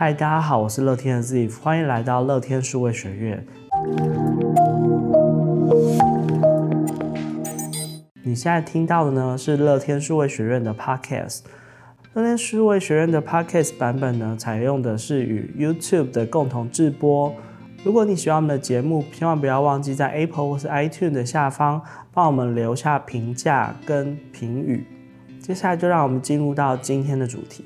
嗨，Hi, 大家好，我是樂天的 Ziv，歡迎來到樂天數位學院。你現在聽到的呢是樂天數位學院的 Podcast。樂天數位學院的 Podcast 版本呢，採用的是與 YouTube 的共同製播。如果你喜歡我們的節目，千萬不要忘記在 Apple 或是 iTunes 的下方幫我們留下評價跟評語。接下來就讓我們進入到今天的主題。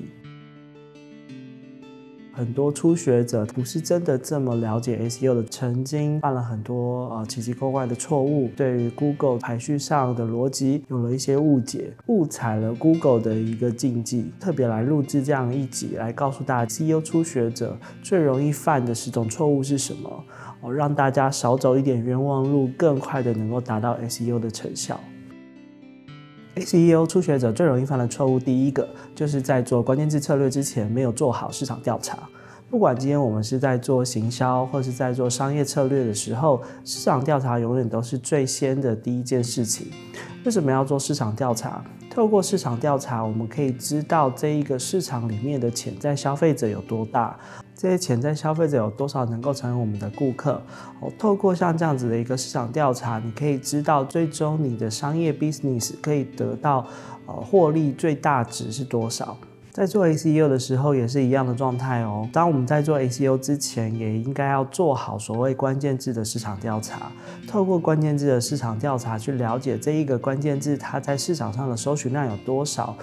很多初學者不是真的這麼了解 SEO 的，曾經犯了很多呃奇奇怪怪的錯誤，對於 Google 排序上的邏輯有了一些誤解，誤踩了 Google 的一個禁忌。特別來錄制這樣一集，來告訴大家 SEO 初學者最容易犯的十種錯誤是什麼？哦，讓大家少走一點冤枉路，更快的能夠達到 SEO 的成效。SEO 初學者最容易犯的錯誤，第一個就是在做關鍵字策略之前沒有做好市場調查。不管今天我們是在做行銷，或是在做商業策略的時候，市場調查永遠都是最先的第一件事情。為什麼要做市場調查？透過市場調查，我們可以知道這一個市場裡面的潛在消費者有多大。這些潛在消費者有多少能夠成為我們的顧客？哦，透過像這樣子的一個市場調查，你可以知道最終你的商業 business 可以得到，呃，獲利最大值是多少？在做 SEO 的時候也是一樣的狀態哦。當我們在做 SEO 之前，也應該要做好所謂關鍵字的市場調查，透過關鍵字的市場調查去了解這一個關鍵字它在市場上的搜尋量有多少。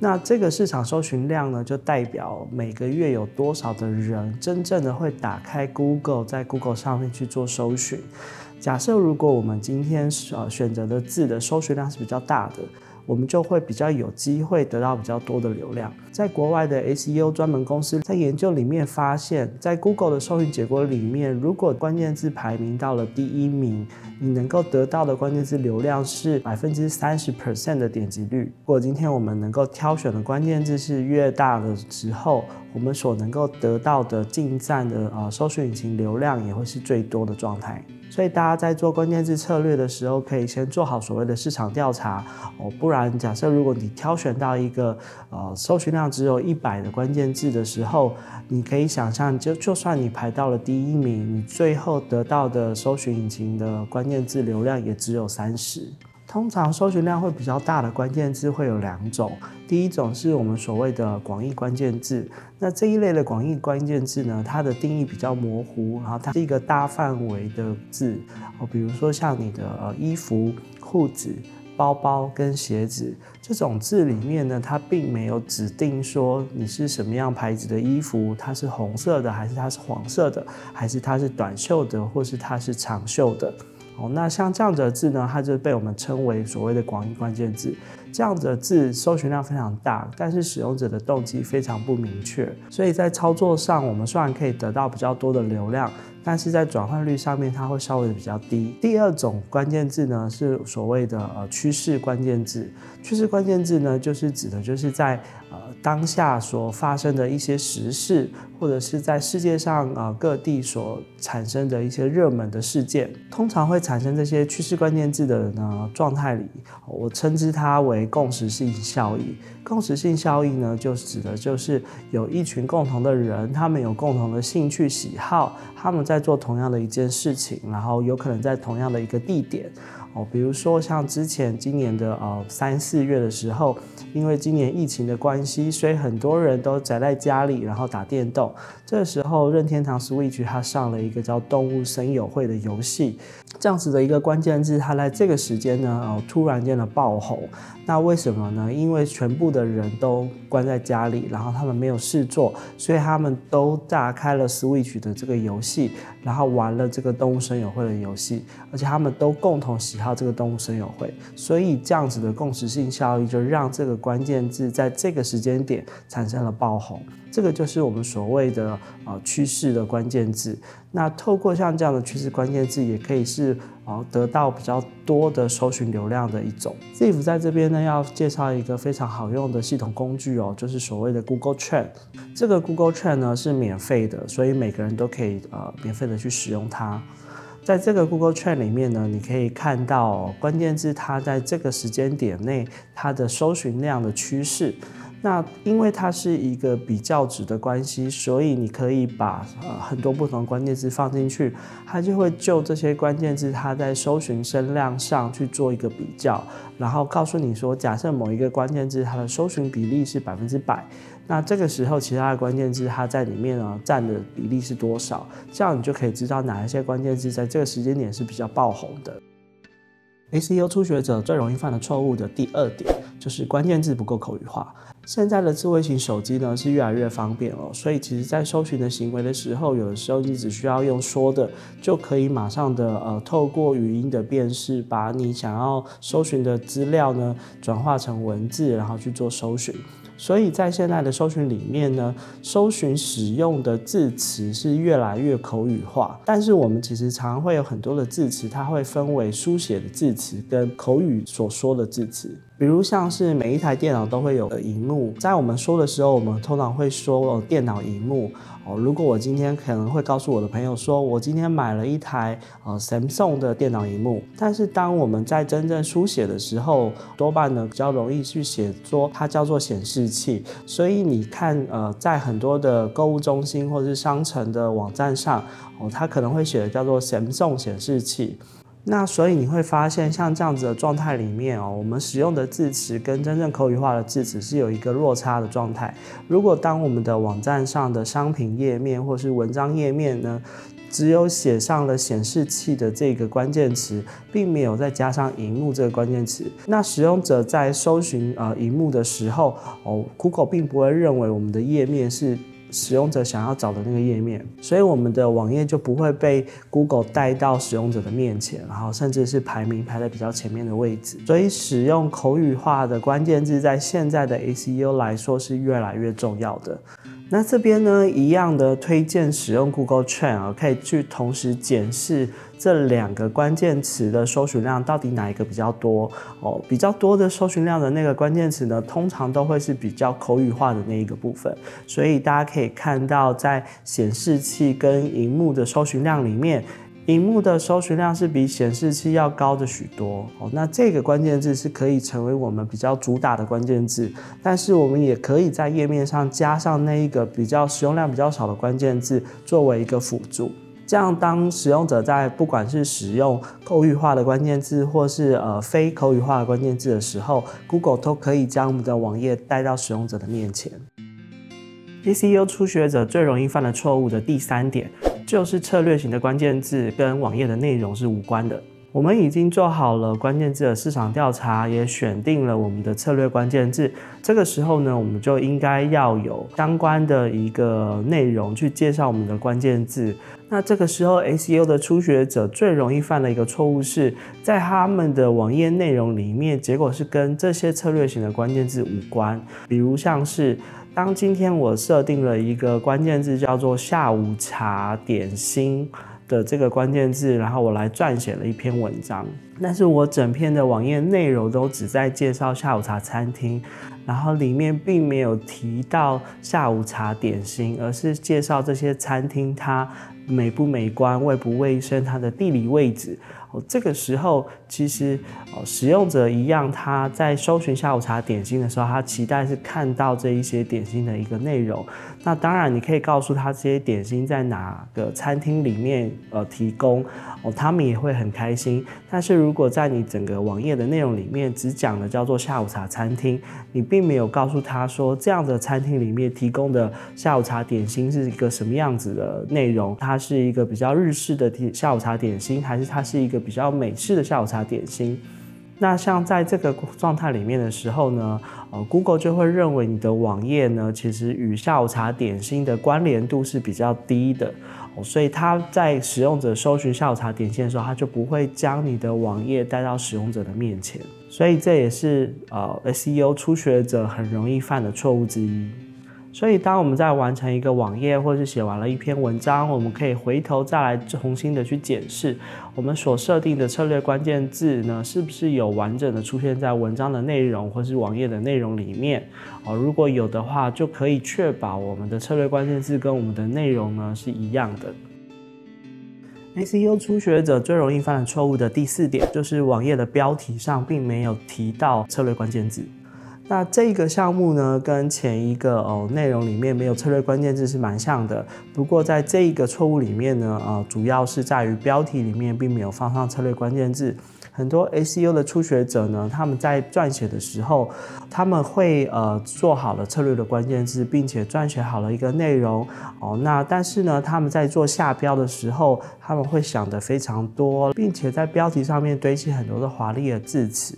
那這個市場搜尋量呢，就代表每個月有多少的人真正的會打開 Google，在 Google 上面去做搜尋。假設如果我們今天呃選擇的字的搜尋量是比較大的，我們就會比較有機會得到比較多的流量。在國外的 SEO 專門公司在研究裡面發現，在 Google 的搜尋結果裡面，如果關鍵字排名到了第一名。你能夠得到的關鍵字流量是百分之三十 percent 的點擊率。如果今天我們能夠挑選的關鍵字是越大的時候，我們所能夠得到的進站的啊、呃，搜尋引擎流量也會是最多的狀態。所以大家在做關鍵字策略的時候，可以先做好所謂的市場調查哦。不然，假設如果你挑選到一個呃，搜尋量只有一百的關鍵字的時候，你可以想象就，就就算你排到了第一名，你最後得到的搜尋引擎的關關鍵字流量也只有三十。通常，搜尋量會比較大的關鍵字會有兩種。第一種是我們所謂的廣義關鍵字，那這一類的廣義關鍵字呢，它的定義比較模糊，然後它是一個大範圍的字。哦，比如說像你的呃衣服、褲子、包包跟鞋子這種字裡面呢，它並沒有指定說你是什麼樣牌子的衣服，它是紅色的還是它是黃色的，還是它是短袖的或是它是長袖的。哦，那像這樣子的字呢，它就被我們稱為所謂的廣義關鍵字。這樣子的字搜尋量非常大，但是使用者的動機非常不明確，所以在操作上，我們雖然可以得到比較多的流量，但是在轉換率上面，它會稍微的比較低。第二種關鍵字呢，是所謂的呃趨勢關鍵字。趨勢關鍵字呢，就是指的就是在。呃，當下所發生的一些時事，或者是在世界上啊、呃、各地所產生的一些熱門的事件，通常會產生這些趨勢關鍵字的呢狀態裡，我稱之它為共識性效益。共識性效益呢，就指的就是有一群共同的人，他們有共同的興趣喜好，他們在做同樣的一件事情，然後有可能在同樣的一個地點。哦，比如說像之前今年的呃三四月的時候，因為今年疫情的關係，所以很多人都宅在家裡，然後打電動。這時候，任天堂 Switch 它上了一個叫《動物森友會》的遊戲。這樣子的一個關鍵字，它在這個時間呢，哦，突然間的爆紅，那為什麼呢？因為全部的人都關在家裡，然後他們沒有事做，所以他們都打開了 Switch 的這個遊戲，然後玩了這個動物森友會的遊戲，而且他們都共同喜好這個動物森友會，所以這樣子的共識性效應，就讓這個關鍵字在這個時間點產生了爆紅。這個就是我們所謂的呃趨勢的關鍵字。那透過像這樣的趨勢關鍵字，也可以是呃得到比較多的搜尋流量的一種。Steve 在這邊呢要介紹一個非常好用的系統工具哦，就是所謂的 Google Trend。這個 Google Trend 呢是免費的，所以每個人都可以呃免費的去使用它。在這個 Google Trend 裡面呢，你可以看到哦，關鍵字它在這個時間點內它的搜尋量的趨勢。那因為它是一個比較值的關係，所以你可以把呃很多不同的關鍵字放進去，它就會就這些關鍵字它在搜尋聲量上去做一個比較，然後告訴你說，假設某一個關鍵字它的搜尋比例是百分之百，那這個時候其他的關鍵字它在裡面呢占的比例是多少？這樣你就可以知道哪一些關鍵字在這個時間點是比較爆紅的。SEO 初學者最容易犯的錯誤的第二點。就是關鍵字不夠口語化。現在的智慧型手機呢是越來越方便了喔，所以其實，在搜尋的行為的時候，有的時候你只需要用說的，就可以馬上的呃，透過語音的辨識，把你想要搜尋的資料呢，轉化成文字，然後去做搜尋。所以在現在的搜尋裡面呢，搜尋使用的字詞是越來越口語化，但是我們其實常常會有很多的字詞，它會分為書寫的字詞跟口語所說的字詞。比如像是每一台電腦都會有的熒幕，在我們說的時候，我們通常會說電腦熒幕。哦，如果我今天可能會告訴我的朋友說我今天買了一台呃 Samsung 的電腦熒幕，但是當我們在真正書寫的時候，多半呢比較容易去寫作它叫做顯示器。所以你看，呃，在很多的購物中心或者是商城的網站上，哦，它可能會寫的叫做 Samsung 顯示器。那所以你會發現，像這樣子的狀態裡面哦，我們使用的字詞跟真正口語化的字詞是有一個落差的狀態。如果當我們的網站上的商品頁面或是文章頁面呢，只有寫上了顯示器的這個關鍵詞，並沒有再加上熒幕這個關鍵詞，那使用者在搜尋呃熒幕的時候，哦，Google 並不會認為我們的頁面是。使用者想要找的那個頁面，所以我們的網頁就不會被 Google 帶到使用者的面前，然後甚至是排名排在比較前面的位置。所以使用口語化的關鍵字，在現在的 SEO 來說，是越來越重要的。那這邊呢，一樣的推薦使用 Google Trends，可以去同時檢視這兩個關鍵詞的搜尋量到底哪一個比較多哦。比較多的搜尋量的那個關鍵詞呢，通常都會是比較口語化的那一個部分，所以大家可以看到在顯示器跟熒幕的搜尋量裡面。螢幕的搜尋量是比顯示器要高的許多哦。那這個關鍵字是可以成為我們比較主打的關鍵字，但是我們也可以在頁面上加上那一個比較使用量比較少的關鍵字，作為一個輔助。這樣，當使用者在不管是使用口語化的關鍵字，或是呃非口語化的關鍵字的時候，Google 都可以將我們的網頁帶到使用者的面前。SEO 初學者最容易犯的錯誤的第三點。就是策略型的關鍵字跟網頁的內容是無關的。我們已經做好了關鍵字的市場調查，也選定了我們的策略關鍵字。這個時候呢，我們就應該要有相關的一個內容去介紹我們的關鍵字。那這個時候，SEO 的初學者最容易犯的一個錯誤是，在他們的網頁內容裡面，結果是跟這些策略型的關鍵字無關，比如像是。當今天我設定了一個關鍵字叫做下午茶點心的這個關鍵字，然後我來撰寫了一篇文章，但是我整篇的網頁內容都只在介紹下午茶餐廳，然後裡面並沒有提到下午茶點心，而是介紹這些餐廳它美不美觀、衛不衛生、它的地理位置。這個時候，其實哦，使用者一樣，他在搜尋下午茶點心的時候，他期待是看到這一些點心的一個內容。那當然，你可以告訴他這些點心在哪個餐廳裡面呃提供，哦，他們也會很開心。但是如果在你整個網頁的內容裡面只講了叫做下午茶餐廳，你並沒有告訴他說這樣的餐廳裡面提供的下午茶點心是一個什麼樣子的內容，它是一個比較日式的下午茶點心，還是它是一個比較美式的下午茶點心？那像在這個狀態裡面的時候呢，呃，Google 就會認為你的網頁呢，其實與下午茶點心的關聯度是比較低的，呃，所以它在使用者搜尋下午茶點心的時候，它就不會將你的網頁帶到使用者的面前。所以這也是呃 SEO 初學者很容易犯的錯誤之一。所以，當我們在完成一個網頁，或是寫完了一篇文章，我們可以回頭再來重新的去檢視我們所設定的策略關鍵字呢，是不是有完整的出現在文章的內容，或是網頁的內容裡面？哦，如果有的話，就可以確保我們的策略關鍵字跟我們的內容呢是一樣的。SEO 初學者最容易犯的錯誤的第四點，就是網頁的標題上並沒有提到策略關鍵字。那這個項目呢，跟前一個哦內容裡面沒有策略關鍵字是蠻像的，不過在這一個錯誤裡面呢，呃，主要是在於標題裡面並沒有放上策略關鍵字。很多 SEO 的初學者呢，他們在撰寫的時候，他們會呃做好了策略的關鍵字，並且撰寫好了一個內容哦。那但是呢，他們在做下標的時候，他們會想得非常多，並且在標題上面堆砌很多的華麗的字詞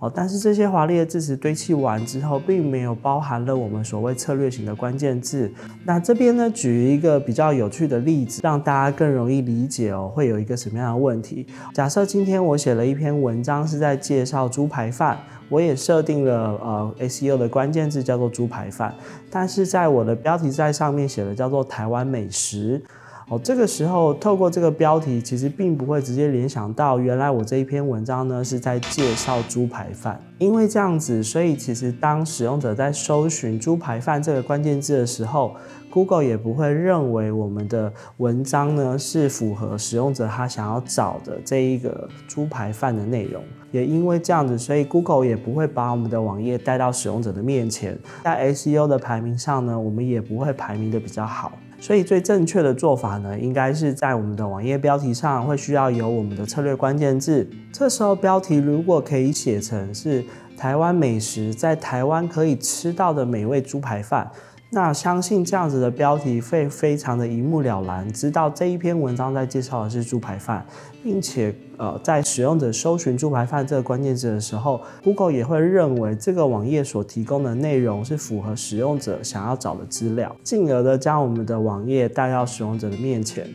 哦。但是這些華麗的字詞堆砌完之後，並沒有包含了我們所謂策略型的關鍵字。那這邊呢，舉一個比較有趣的例子，讓大家更容易理解哦，會有一個什麼樣的問題？假設今天我寫了一篇。篇文章是在介紹豬排飯，我也設定了呃 SEO 的關鍵字叫做豬排飯，但是在我的標題在上面寫的叫做台灣美食，哦，這個時候透過這個標題，其實並不會直接聯想到原來我這一篇文章呢是在介紹豬排飯，因為這樣子，所以其實當使用者在搜尋豬排飯這個關鍵字的時候。Google 也不會認為我們的文章呢是符合使用者他想要找的這一個豬排飯的內容，也因為這樣子，所以 Google 也不會把我們的網頁帶到使用者的面前，在 SEO 的排名上呢，我們也不會排名的比較好。所以最正確的做法呢，應該是在我們的網頁標題上會需要有我們的策略關鍵字。這時候標題如果可以寫成是台灣美食，在台灣可以吃到的美味豬排飯。那相信這樣子的標題會非常的一目了然，知道這一篇文章在介紹的是豬排飯，並且呃，在使用者搜尋豬排飯這個關鍵字的時候，Google 也會認為這個網頁所提供的內容是符合使用者想要找的資料，進而的將我們的網頁帶到使用者的面前。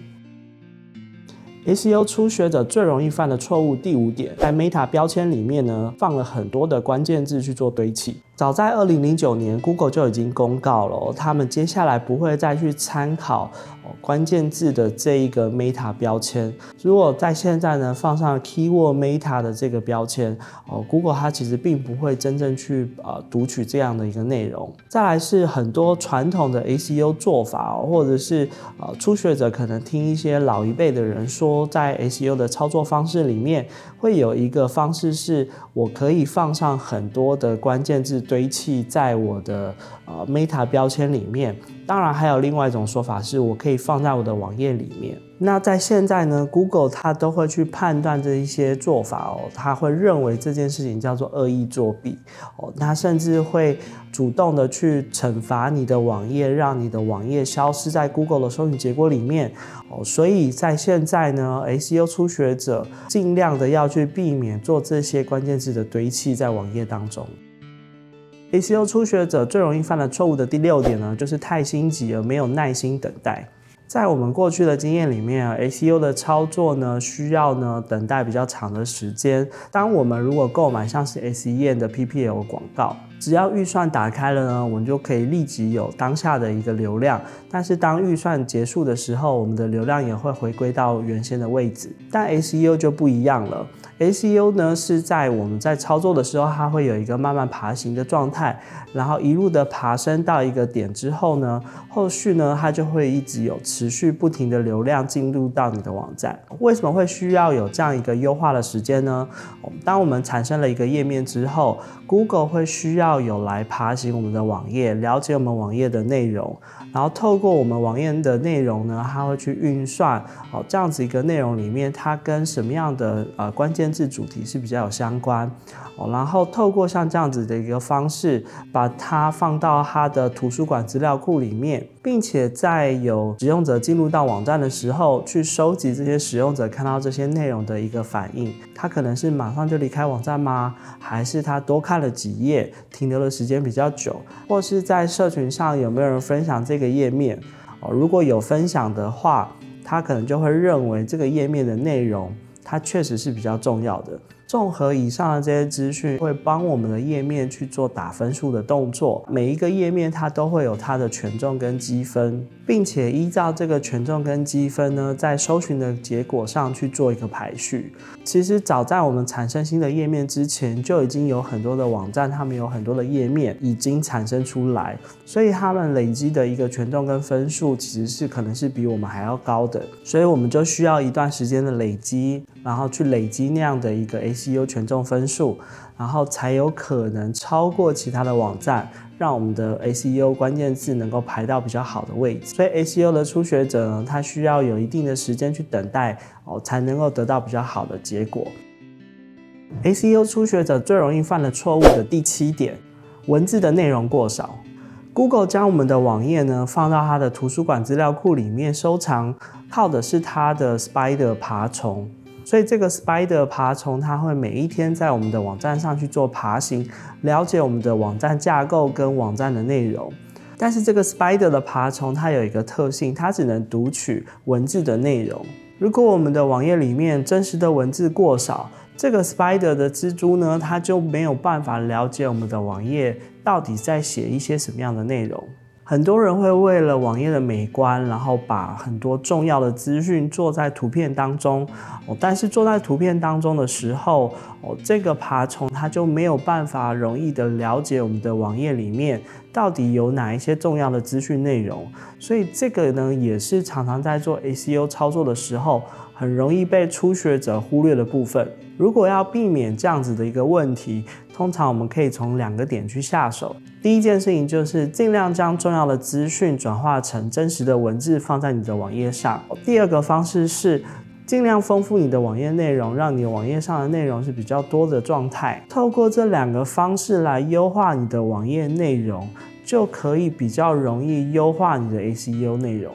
SEO 初學者最容易犯的錯誤第五點，在 Meta 標籤裡面呢放了很多的關鍵字去做堆砌。早在二零零九年，Google 就已經公告了，他們接下來不會再去參考、哦、關鍵字的這一個 meta 標籤。如果在現在呢，放上 keyword meta 的這個標籤，哦，Google 它其實並不會真正去啊、呃、讀取這樣的一個內容。再來是很多傳統的 SEO 做法，哦、或者是呃初學者可能聽一些老一輩的人說，在 SEO 的操作方式裡面，會有一個方式是，我可以放上很多的關鍵字。堆砌在我的呃 meta 標籤裡面，當然還有另外一種說法是，我可以放在我的網頁裡面。那在現在呢，Google 它都會去判斷這一些做法哦，它會認為這件事情叫做惡意作弊哦，它甚至會主動的去懲罰你的網頁，讓你的網頁消失在 Google 的搜尋結果裡面哦。所以在現在呢，SEO 初學者盡量的要去避免做這些關鍵字的堆砌在網頁當中。SEO 初學者最容易犯的錯誤的第六點呢，就是太心急而沒有耐心等待。在我們過去的經驗裡面啊 SEO 的操作呢需要呢等待比較長的時間。當我們如果購買像是 SEM 的 PPC 廣告。只要預算打開了呢，我們就可以立即有當下的一個流量。但是當預算結束的時候，我們的流量也會回歸到原先的位置。但 SEO 就不一樣了，SEO 呢是在我們在操作的時候，它會有一個慢慢爬行的狀態，然後一路的爬升到一個點之後呢，後續呢它就會一直有持續不停的流量進入到你的網站。為什麼會需要有這樣一個優化的時間呢？當我們產生了一個頁面之後，Google 會需要有來爬行我們的網頁，了解我們網頁的內容。然後透過我們網頁的內容呢，他會去運算哦，這樣子一個內容裡面，它跟什麼樣的呃關鍵字主題是比較有相關哦。然後透過像這樣子的一個方式，把它放到他的圖書館資料庫裡面，並且在有使用者進入到網站的時候，去收集這些使用者看到這些內容的一個反應，他可能是馬上就離開網站嗎？還是他多看了幾頁，停留的時間比較久，或是在社群上有沒有人分享這個？這個頁面，哦，如果有分享的話，他可能就會認為這個頁面的內容，它確實是比較重要的。綜合以上的這些資訊，會幫我們的頁面去做打分數的動作。每一個頁面它都會有它的權重跟積分，並且依照這個權重跟積分呢，在搜尋的結果上去做一個排序。其實早在我們產生新的頁面之前，就已經有很多的網站，他們有很多的頁面已經產生出來，所以他們累積的一個權重跟分數其實是可能是比我們還要高的。所以我們就需要一段時間的累積，然後去累積那樣的一個 A。SEO 權重分數，然後才有可能超過其他的網站，讓我們的 SEO 關鍵字能夠排到比較好的位置。所以 SEO 的初學者呢，他需要有一定的時間去等待哦，才能夠得到比較好的結果。SEO 初學者最容易犯的錯誤的第七點，文字的內容過少。Google 將我們的網頁呢放到他的圖書館資料庫裡面收藏，靠的是他的 Spider 爬蟲。所以這個 spider 爬蟲，它會每一天在我們的網站上去做爬行，了解我們的網站架構跟網站的內容。但是這個 spider 的爬蟲，它有一個特性，它只能讀取文字的內容。如果我們的網頁裡面真實的文字過少，這個 spider 的蜘蛛呢，它就沒有辦法了解我們的網頁到底在寫一些什麼樣的內容。很多人會為了網頁的美觀，然後把很多重要的資訊做在圖片當中。哦，但是做在圖片當中的時候，哦，這個爬蟲它就沒有辦法容易的了解我們的網頁裡面到底有哪一些重要的資訊內容。所以這個呢，也是常常在做 SEO 操作的時候，很容易被初學者忽略的部分。如果要避免這樣子的一個問題，通常我們可以從兩個點去下手。第一件事情就是盡量將重要的資訊轉化成真實的文字放在你的網頁上。第二個方式是盡量豐富你的網頁內容，讓你網頁上的內容是比較多的狀態。透過這兩個方式來優化你的網頁內容，就可以比較容易優化你的 SEO 內容。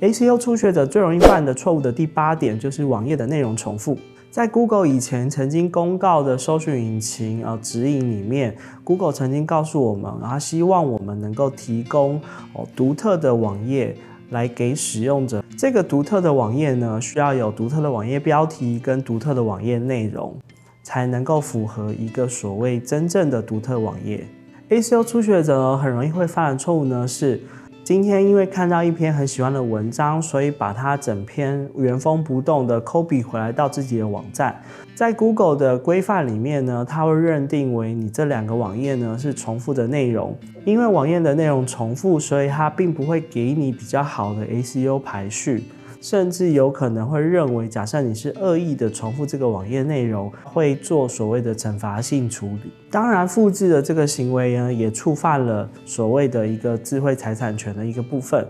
SEO 初學者最容易犯的錯誤的第八點就是網頁的內容重複。在 Google 以前曾經公告的搜尋引擎呃指引裡面，Google 曾經告訴我們，它希望我們能夠提供哦獨特的網頁來給使用者。這個獨特的網頁呢，需要有獨特的網頁標題跟獨特的網頁內容，才能夠符合一個所謂真正的獨特網頁。SEO 初學者呢很容易會犯的錯誤呢是。今天因為看到一篇很喜歡的文章，所以把它整篇原封不動的 copy 回來到自己的網站。在 Google 的規範裡面呢，它會認定為你這兩個網頁呢是重複的內容，因為網頁的內容重複，所以它並不會給你比較好的 ACU 排序。甚至有可能會認為，假設你是惡意的重複這個網頁內容，會做所謂的懲罰性處理。當然，複制的這個行為呢，也觸犯了所謂的一個智慧財產權的一個部分。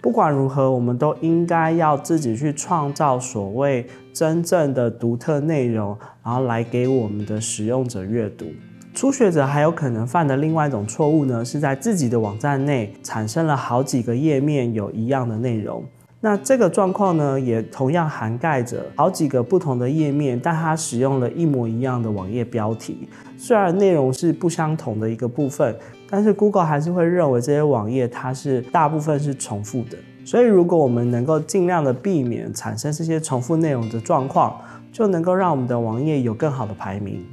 不管如何，我們都應該要自己去創造所謂真正的獨特內容，然後來給我們的使用者閱讀。初學者還有可能犯的另外一種錯誤呢，是在自己的網站內產生了好幾個頁面有一樣的內容。那這個狀況呢，也同樣涵蓋着好幾個不同的頁面，但它使用了一模一樣的網頁標題，雖然內容是不相同的一個部分，但是 Google 還是會認為這些網頁它是大部分是重複的。所以，如果我們能夠盡量的避免產生這些重複內容的狀況，就能夠讓我們的網頁有更好的排名。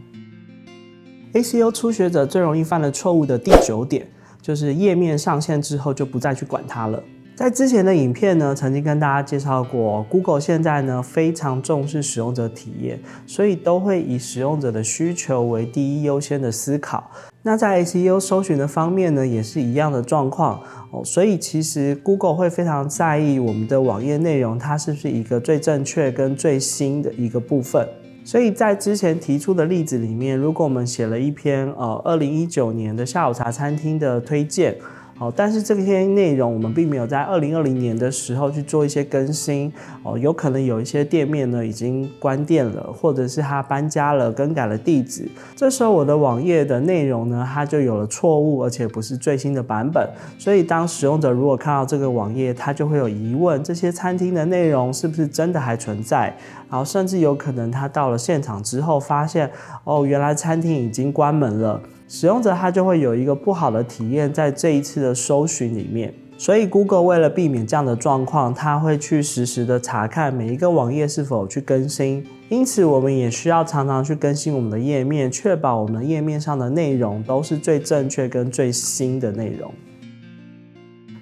SEO 初學者最容易犯的錯誤的第九點，就是頁面上線之後就不再去管它了。在之前的影片呢，曾經跟大家介紹過，Google 現在呢非常重視使用者體驗，所以都會以使用者的需求為第一優先的思考。那在 SEO 搜尋的方面呢，也是一樣的狀況哦。所以其實 Google 會非常在意我們的網頁內容，它是不是一個最正確跟最新的一個部分。所以在之前提出的例子裡面，如果我們寫了一篇呃二零一九年的下午茶餐廳的推薦，好，但是這些內容我們並沒有在二零二零年的時候去做一些更新。哦，有可能有一些店面呢已經關店了，或者是他搬家了，更改了地址。這時候我的網頁的內容呢，它就有了錯誤，而且不是最新的版本。所以當使用者如果看到這個網頁，他就會有疑問：這些餐廳的內容是不是真的還存在？然後甚至有可能他到了現場之後發現，哦，原來餐廳已經關門了。使用者他就會有一個不好的體驗，在這一次的搜尋裡面，所以 Google 為了避免這樣的狀況，他會去實時的查看每一個網頁是否去更新。因此，我們也需要常常去更新我們的頁面，確保我們頁面上的內容都是最正確跟最新的內容。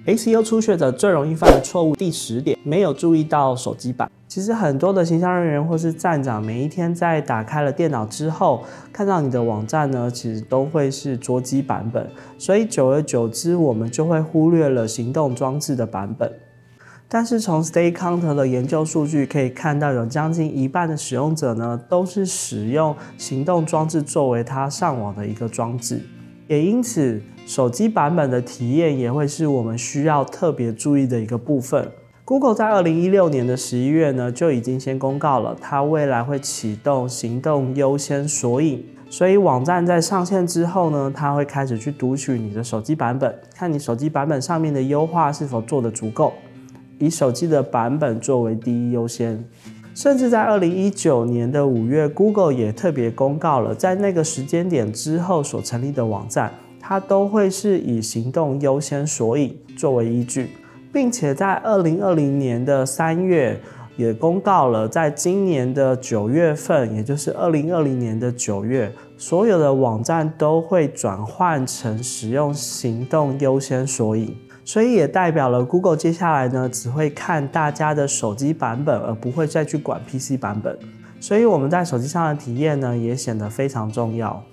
SEO 初學者最容易犯的錯誤第十點，沒有注意到手機版。其實很多的行銷人員或是站長，每一天在打開了電腦之後，看到你的網站呢，其實都會是桌機版本。所以久而久之，我們就會忽略了行動裝置的版本。但是從 StatCounter 的研究數據可以看到，有將近一半的使用者呢，都是使用行動裝置作為他上網的一個裝置，也因此。手機版本的體驗也會是我們需要特別注意的一個部分。Google 在二零一六年的十一月呢，就已經先公告了，它未來會啟動行動優先索引。所以網站在上線之後呢，它會開始去讀取你的手機版本，看你手機版本上面的優化是否做得足夠，以手機的版本作為第一優先。甚至在二零一九年的五月，Google 也特別公告了，在那個時間點之後所成立的網站。它都會是以行動優先索引作為依據，並且在二零二零年的三月也公告了，在今年的九月份，也就是二零二零年的九月，所有的網站都會轉換成使用行動優先索引，所以也代表了 Google 接下來呢只會看大家的手機版本，而不會再去管 PC 版本，所以我們在手機上的體驗呢也顯得非常重要。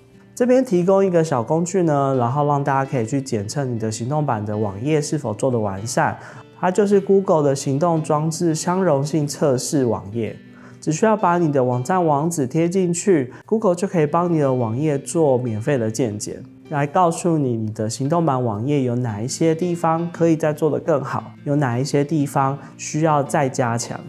這邊提供一個小工具呢，然後讓大家可以去檢測你的行動版的網頁是否做得完善。它就是 Google 的行動裝置相容性測試網頁，只需要把你的網站網址貼進去，Google 就可以幫你的網頁做免費的健檢，來告訴你你的行動版網頁有哪一些地方可以再做得更好，有哪一些地方需要再加強。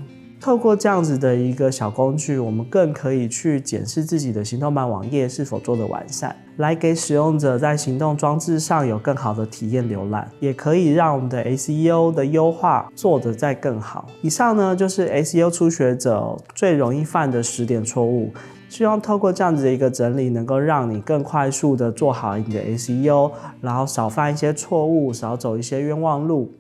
透過這樣子的一個小工具，我們更可以去檢視自己的行動版網頁是否做得完善，來給使用者在行動裝置上有更好的體驗瀏覽，也可以讓我們的 SEO 的優化做得再更好。以上呢，就是 SEO 初學者最容易犯的十點錯誤，希望透過這樣子的一個整理，能夠讓你更快速的做好你的 SEO，然後少犯一些錯誤，少走一些冤枉路。